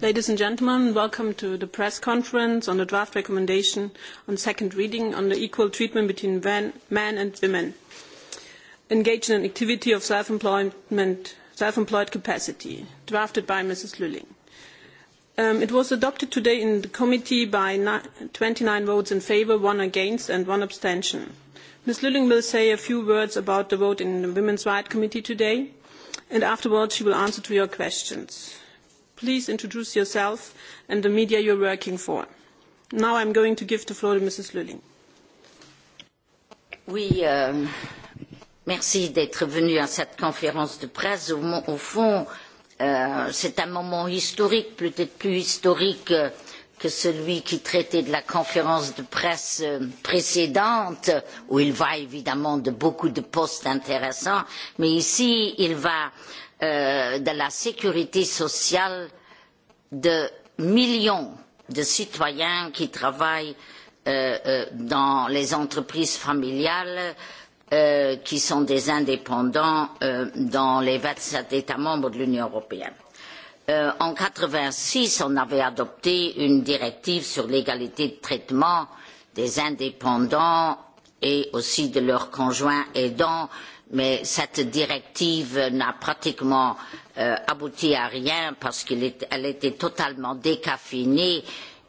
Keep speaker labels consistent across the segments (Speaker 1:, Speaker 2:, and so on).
Speaker 1: Ladies and gentlemen, welcome to the press conference on the draft recommendation on second reading on the equal treatment between men and women engaged in an activity of self-employment, self-employed capacity, drafted by Mrs. Lulling. Um, it was adopted today in the committee by twenty nine votes in favour, one against and one abstention. Ms. Lulling will say a few words about the vote in the Women's Rights Committee today, and afterwards she will answer to your questions. Please introduce yourself and the media you are working for. Now I am going to give the floor to Mrs. Lulling.
Speaker 2: Oui, euh, merci d'être venu à cette conférence de presse. Au, au fond, euh, c'est un moment historique, peut-être plus historique euh, que celui qui traitait de la conférence de presse euh, précédente, où il va évidemment de beaucoup de postes intéressants, mais ici, il va Euh, de la sécurité sociale de millions de citoyens qui travaillent euh, euh, dans les entreprises familiales, euh, qui sont des indépendants euh, dans les vingt sept États membres de l'Union européenne. Euh, en quatre vingt six, on avait adopté une directive sur l'égalité de traitement des indépendants et aussi de leurs conjoints aidants mais cette directive n'a pratiquement euh, abouti à rien parce qu'elle était totalement décaffinée.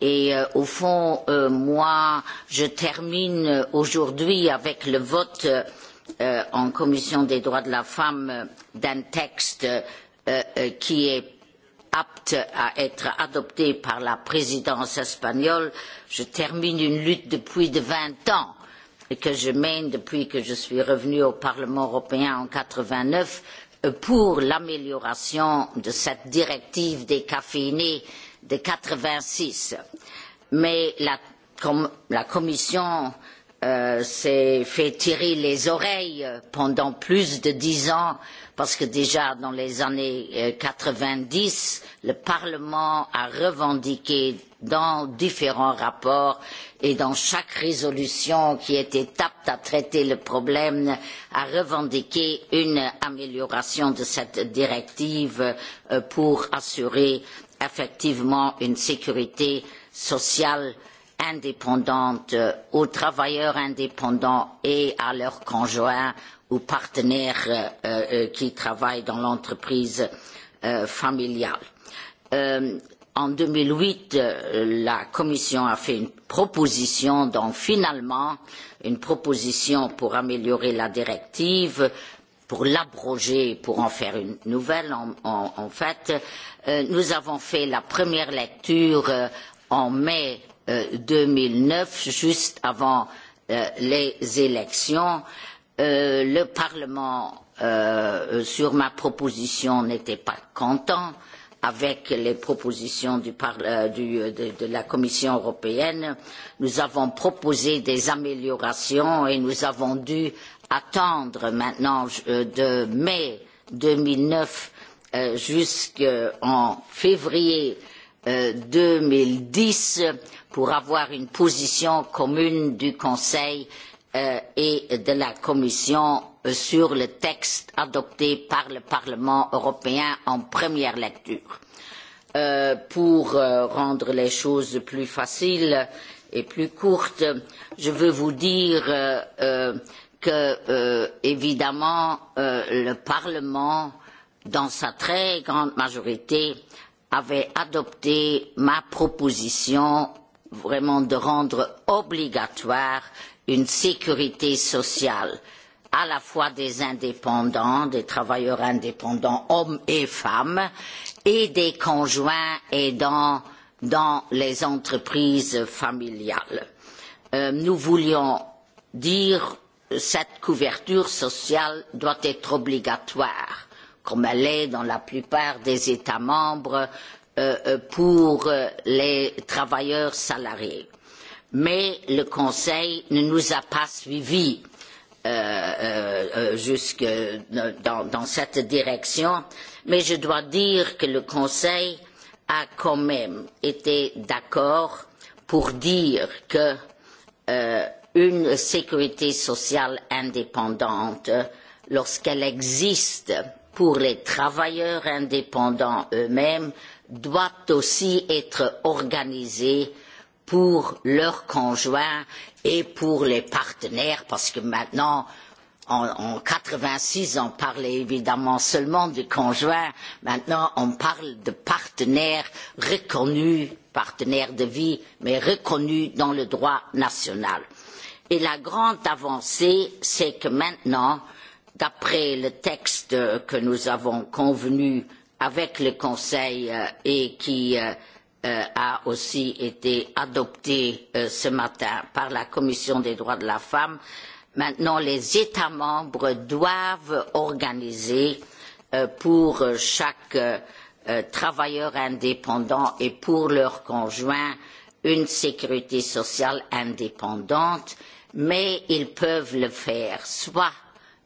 Speaker 2: Et euh, au fond, euh, moi, je termine aujourd'hui avec le vote euh, en commission des droits de la femme d'un texte euh, euh, qui est apte à être adopté par la présidence espagnole. Je termine une lutte depuis de vingt ans et que je mène depuis que je suis revenue au Parlement européen en quatre vingt neuf euh, pour l'amélioration de cette directive décaféinée de quatre vingt six. Mais la, com la Commission Euh, s'est fait tirer les oreilles pendant plus de dix ans parce que déjà dans les années euh, quatre-vingt-dix, le Parlement a revendiqué dans différents rapports et dans chaque résolution qui était apte à traiter le problème, a revendiqué une amélioration de cette directive euh, pour assurer effectivement une sécurité sociale euh, indépendante euh, aux travailleurs indépendants et à leurs conjoints ou partenaires euh, euh, qui travaillent dans l'entreprise euh, familiale. Euh, en deux mille huit, euh, la Commission a fait une proposition, donc finalement une proposition pour améliorer la directive, pour l'abroger, pour en faire une nouvelle en, en, en fait. nous avons fait la première lecture en mai Euh, deux mille neuf, juste avant euh, les élections, euh, le Parlement, sur ma proposition, n'était pas content avec les propositions du, du, de, de, la Commission européenne. Nous avons proposé des améliorations et nous avons dû attendre maintenant de mai deux mille neuf jusqu'en février deux mille dix pour avoir une position commune du Conseil euh, et de la Commission euh, sur le texte adopté par le Parlement européen en première lecture. Euh, pour euh, rendre les choses plus faciles et plus courtes, je veux vous dire euh, euh que, évidemment, le Parlement, dans sa très grande majorité, avait adopté ma proposition vraiment de rendre obligatoire une sécurité sociale à la fois des indépendants, des travailleurs indépendants, hommes et femmes, et des conjoints aidants dans les entreprises familiales. Euh, nous voulions dire que cette couverture sociale doit être obligatoire comme elle est dans la plupart des États membres euh, euh pour euh, les travailleurs salariés. Mais le Conseil ne nous a pas suivis euh, euh jusque dans, dans, cette direction, mais je dois dire que le Conseil a quand même été d'accord pour dire que euh, une sécurité sociale indépendante, lorsqu'elle existe, pour les travailleurs indépendants eux-mêmes doit aussi être organisée pour leurs conjoints et pour les partenaires, parce que maintenant, en quatre vingt six on parlait évidemment seulement des conjoints maintenant on parle de partenaires reconnus partenaires de vie mais reconnus dans le droit national. Et la grande avancée c'est que maintenant d'après le texte que nous avons convenu avec le Conseil euh, et qui euh, euh, a aussi été adopté ce matin par la Commission des droits de la femme, maintenant les États membres doivent organiser pour chaque travailleur indépendant et pour leur conjoint une sécurité sociale indépendante, mais ils peuvent le faire soit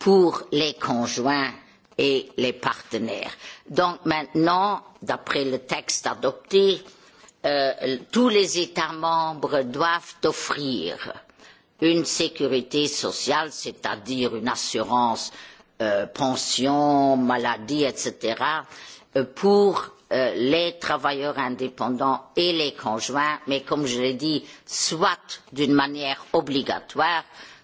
Speaker 2: pour les conjoints et les partenaires. Donc maintenant, d'après le texte adopté, euh, tous les États membres doivent offrir une sécurité sociale, c'est-à-dire une assurance euh, pension, maladie, etc., euh, pour euh, les travailleurs indépendants et les conjoints, mais comme je l'ai dit, soit d'une manière obligatoire,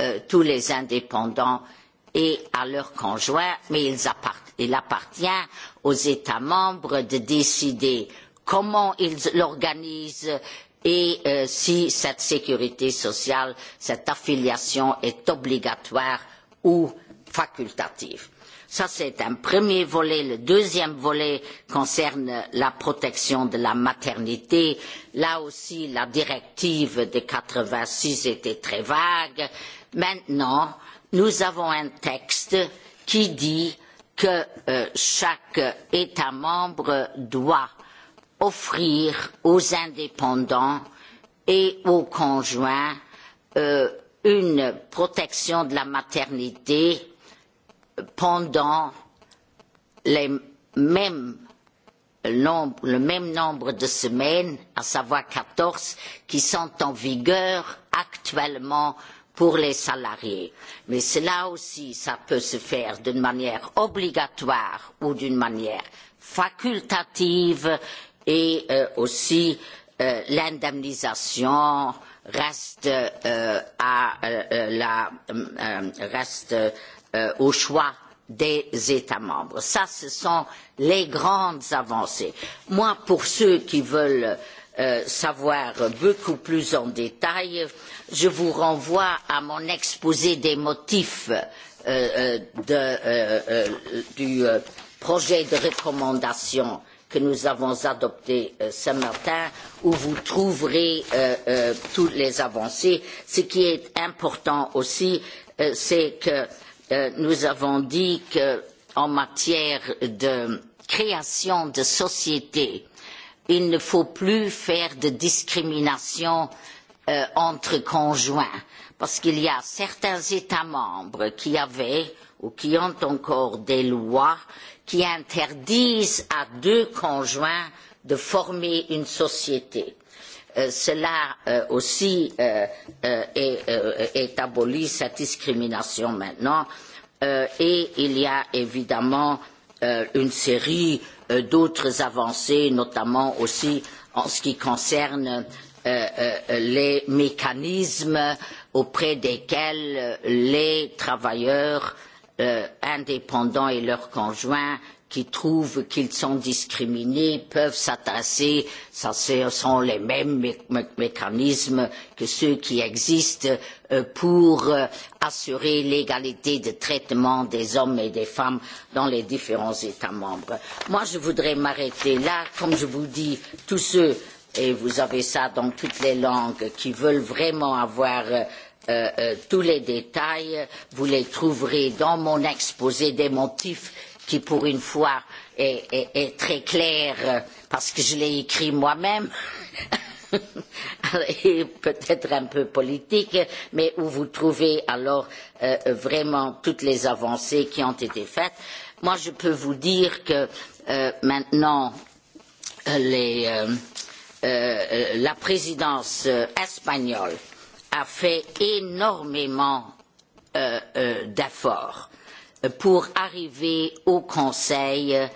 Speaker 2: Euh, tous les indépendants et à leurs conjoints, mais il, il appartient aux États membres de décider comment ils l'organisent et euh, si cette sécurité sociale, cette affiliation est obligatoire ou facultative Ça, c'est un premier volet. Le deuxième volet concerne la protection de la maternité. Là aussi, la directive de quatre vingt six était très vague. Maintenant, nous avons un texte qui dit que euh, chaque État membre doit offrir aux indépendants et aux conjoints euh, une protection de la maternité pendant les mêmes Nombre, le même nombre de semaines, à savoir quatorze, qui sont en vigueur actuellement pour les salariés. Mais cela aussi, cela peut se faire d'une manière obligatoire ou d'une manière facultative et euh, aussi euh, l'indemnisation reste, euh, à, euh, euh, la, euh, reste euh, au choix des États membres. Ça, ce sont les grandes avancées. Moi, pour ceux qui veulent euh, savoir beaucoup plus en détail, je vous renvoie à mon exposé des motifs euh, euh de, euh, euh, du projet de recommandation que nous avons adopté euh, ce matin, où vous trouverez euh, euh, toutes les avancées. Ce qui est important aussi, c'est que Euh, nous avons dit qu'en matière de création de sociétés, il ne faut plus faire de discrimination euh, entre conjoints parce qu'il y a certains États membres qui avaient ou qui ont encore des lois qui interdisent à deux conjoints de former une société Euh, cela euh, aussi euh, est, euh, est, euh, aboli, cette discrimination maintenant. et il y a évidemment une série d'autres avancées, notamment aussi en ce qui concerne les mécanismes auprès desquels les travailleurs indépendants et leurs conjoints qui trouvent qu'ils sont discriminés peuvent s'attasser, ce sont les mêmes mé mé mécanismes que ceux qui existent euh, pour euh, assurer l'égalité de traitement des hommes et des femmes dans les différents États membres. Moi, je voudrais m'arrêter là. Comme je vous dis, tous ceux, et vous avez ça dans toutes les langues, qui veulent vraiment avoir euh, euh, euh tous les détails, vous les trouverez dans mon exposé des motifs qui pour une fois est, est, est très clair parce que je l'ai écrit moi-même. et peut-être un peu politique, mais où vous trouvez alors euh, vraiment toutes les avancées qui ont été faites. Moi, je peux vous dire que euh, maintenant, les, euh, euh, la présidence euh, espagnole a fait énormément euh, euh, d'efforts pour arriver au Conseil euh,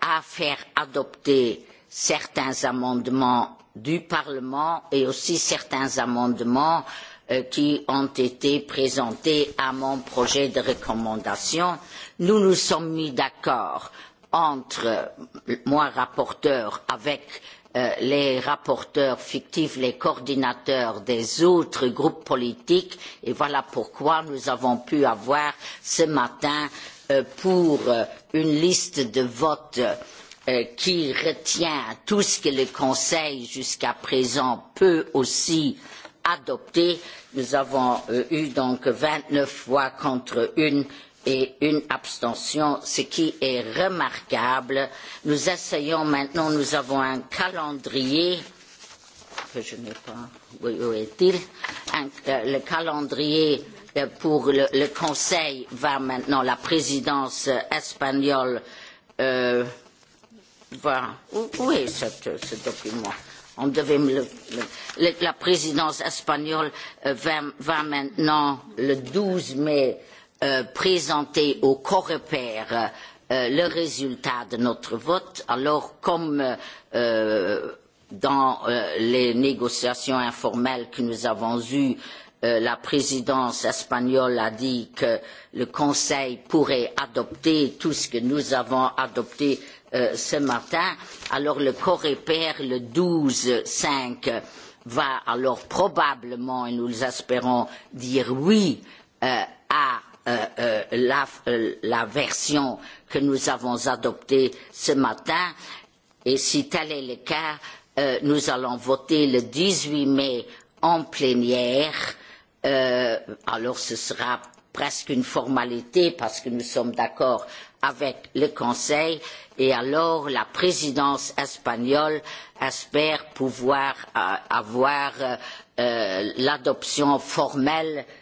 Speaker 2: à faire adopter certains amendements du Parlement et aussi certains amendements euh, qui ont été présentés à mon projet de recommandation. Nous nous sommes mis d'accord entre moi rapporteur avec Euh, les rapporteurs fictifs, les coordinateurs des autres groupes politiques. Et voilà pourquoi nous avons pu avoir ce matin euh, pour euh, une liste de votes qui retient tout ce que le Conseil jusqu'à présent peut aussi adopter. Nous avons eu donc vingt neuf voix contre une et une abstention, ce qui est remarquable. Nous essayons maintenant, nous avons un calendrier que je n'ai pas. où est-il euh, Le calendrier euh, pour le, le, Conseil va maintenant, la présidence espagnole euh, va. Où, où est cette, ce document On devait me le, le, La présidence espagnole euh, va, va maintenant, le douze mai, Euh, présenter au Coreper euh, le résultat de notre vote, alors comme euh, dans euh, les négociations informelles que nous avons eues, euh, la présidence espagnole a dit que le Conseil pourrait adopter tout ce que nous avons adopté ce matin. Alors le Coreper, le douze cinq va alors probablement, et nous espérons, dire oui euh, à Euh, euh, la, euh, la, version que nous avons adoptée ce matin. Et si tel est le cas, euh, nous allons voter le dix huit mai en plénière. Euh, alors ce sera presque une formalité parce que nous sommes d'accord avec le Conseil et alors la présidence espagnole espère pouvoir avoir l'adoption formelle euh,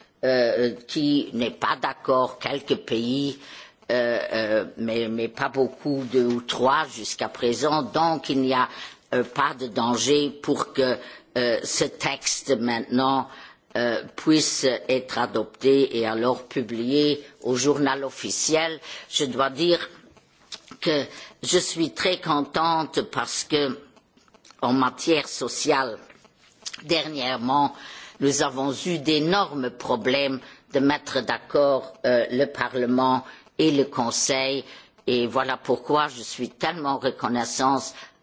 Speaker 2: euh, qui n'est pas d'accord, quelques pays, euh, euh, mais, mais pas beaucoup, deux ou trois jusqu'à présent. Donc il n'y a euh, pas de danger pour que euh, ce texte maintenant euh, puisse être adopté et alors publié au journal officiel. Je dois dire que je suis très contente parce que en matière sociale, dernièrement, euh, nous avons eu d'énormes problèmes de mettre d'accord euh, le Parlement et le Conseil. Et voilà pourquoi je suis tellement reconnaissante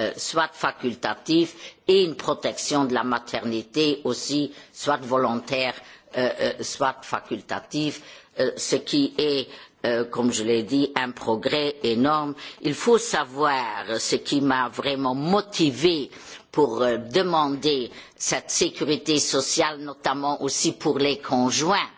Speaker 2: Euh, soit facultative et une protection de la maternité aussi soit volontaire euh, euh, soit facultative ce qui est comme je l'ai dit, un progrès énorme. Il faut savoir ce qui m'a vraiment motivée pour demander cette sécurité sociale, notamment aussi pour les conjoints,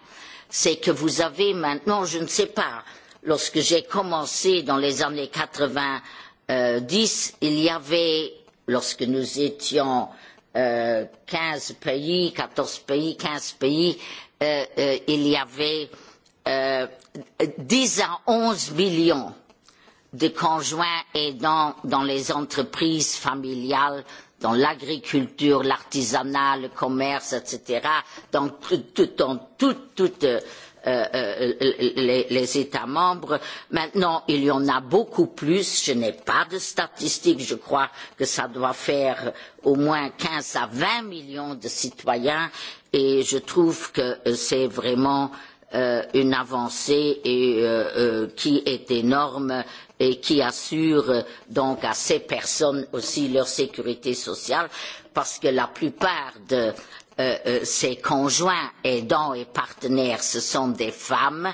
Speaker 2: c'est que vous avez maintenant, je ne sais pas, lorsque j'ai commencé dans les années quatre vingts Euh, dix il y avait lorsque nous étions euh, quinze pays quatorze pays quinze pays euh, il y avait dix à onze millions de conjoints aidants dans les entreprises familiales dans l'agriculture, l'artisanat, le commerce, etc., dans, tout, dans tout, toute les, euh, euh, euh, les États membres. Maintenant, il y en a beaucoup plus. Je n'ai pas de statistiques. Je crois que cela doit faire au moins quinze à vingt millions de citoyens et je trouve que c'est vraiment euh, une avancée et, euh, euh, qui est énorme et qui assure donc à ces personnes aussi leur sécurité sociale parce que la plupart de Euh, euh, ses conjoints aidants et partenaires, ce sont des femmes.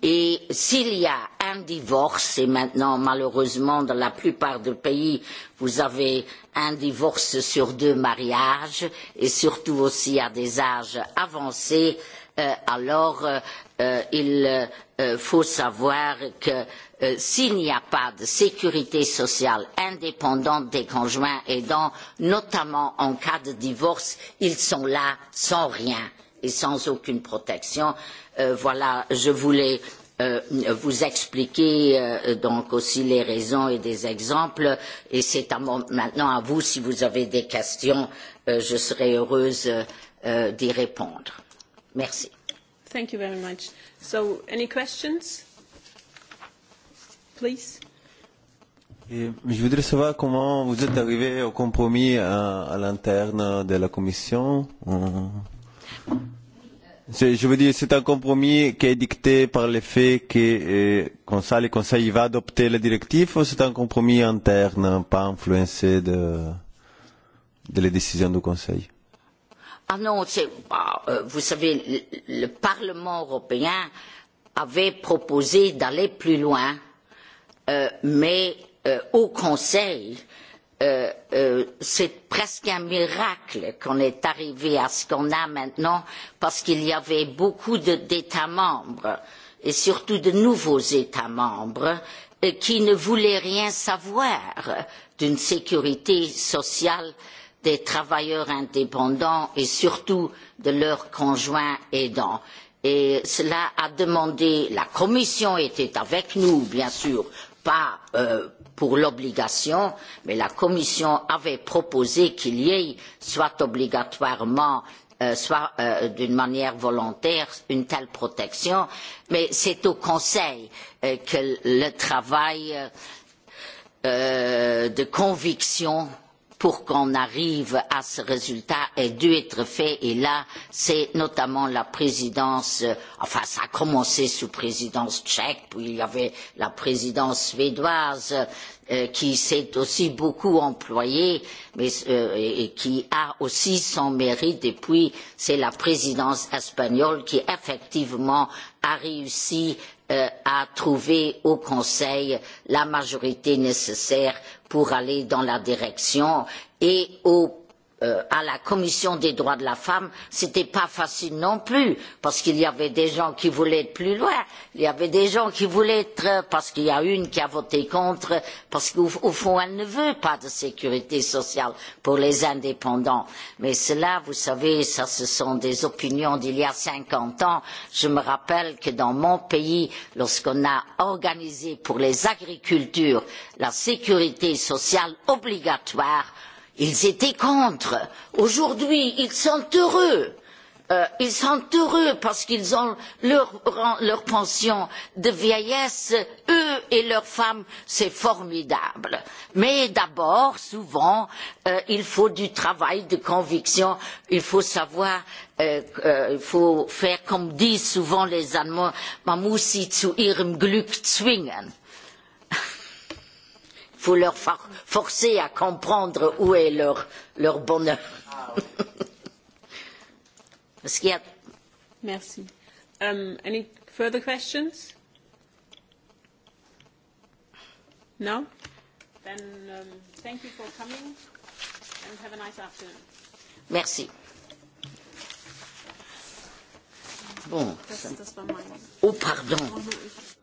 Speaker 2: Et s'il y a un divorce, et maintenant malheureusement dans la plupart des pays, vous avez un divorce sur deux mariages, et surtout aussi à des âges avancés, euh, alors euh, euh il euh, faut savoir que Euh, s'il n'y a pas de sécurité sociale indépendante des conjoints aidants, notamment en cas de divorce, ils sont là sans rien et sans aucune protection. Euh, voilà, je voulais euh, vous expliquer euh, donc aussi les raisons et des exemples et c'est maintenant à vous si vous avez des questions, euh, je serai heureuse d'y répondre. Merci.
Speaker 1: Thank you very much. So, any questions? please. Et je voudrais savoir comment vous êtes arrivé au compromis à, à l'interne de la Commission. Euh, je veux dire, c'est un compromis qui est dicté par le fait que comme euh, ça, le Conseil va adopter la directive ou c'est un compromis interne, pas influencé de, de les décisions du Conseil
Speaker 2: Ah non, bah, euh, vous savez, le, le Parlement européen avait proposé d'aller plus loin Euh, mais euh, au Conseil, Euh, euh, c'est presque un miracle qu'on est arrivé à ce qu'on a maintenant parce qu'il y avait beaucoup d'États membres et surtout de nouveaux États membres euh, qui ne voulaient rien savoir d'une sécurité sociale des travailleurs indépendants et surtout de leurs conjoints aidants. Et cela a demandé, la Commission était avec nous, bien sûr, pas euh, pour l'obligation, mais la Commission avait proposé qu'il y ait soit obligatoirement euh, soit euh, d'une manière volontaire une telle protection, mais c'est au Conseil euh, que le travail euh, de conviction euh, pour qu'on arrive à ce résultat ait dû être fait et là c'est notamment la présidence euh, enfin ça a commencé sous présidence tchèque puis il y avait la présidence suédoise euh, qui s'est aussi beaucoup employée mais, euh, et qui a aussi son mérite et puis c'est la présidence espagnole qui effectivement a réussi à euh, trouver au Conseil la majorité nécessaire pour aller dans la direction et au Euh, à la commission des droits de la femme, ce n'était pas facile non plus, parce qu'il y avait des gens qui voulaient être plus loin, il y avait des gens qui voulaient être, euh, parce qu'il y a une qui a voté contre, parce qu'au fond, elle ne veut pas de sécurité sociale pour les indépendants. Mais cela, vous savez, ça, ce sont des opinions d'il y a cinquante ans. Je me rappelle que dans mon pays, lorsqu'on a organisé pour les agricultures la sécurité sociale obligatoire, ils étaient contre. Aujourd'hui, ils sont heureux. Euh, ils sont heureux parce qu'ils ont leur, leur, pension de vieillesse, eux et leurs femmes, c'est formidable. Mais d'abord, souvent, euh, il faut du travail de conviction, il faut savoir, euh, euh il faut faire comme disent souvent les Allemands, man muss sie zu ihrem Glück zwingen vous leur forcez à comprendre où est leur, leur bonheur.
Speaker 1: Merci. Um, any further questions? No? Then um, thank you for coming and have a nice afternoon.
Speaker 2: Merci. Bon. Das, das war mein... Oh, pardon. Oh, no,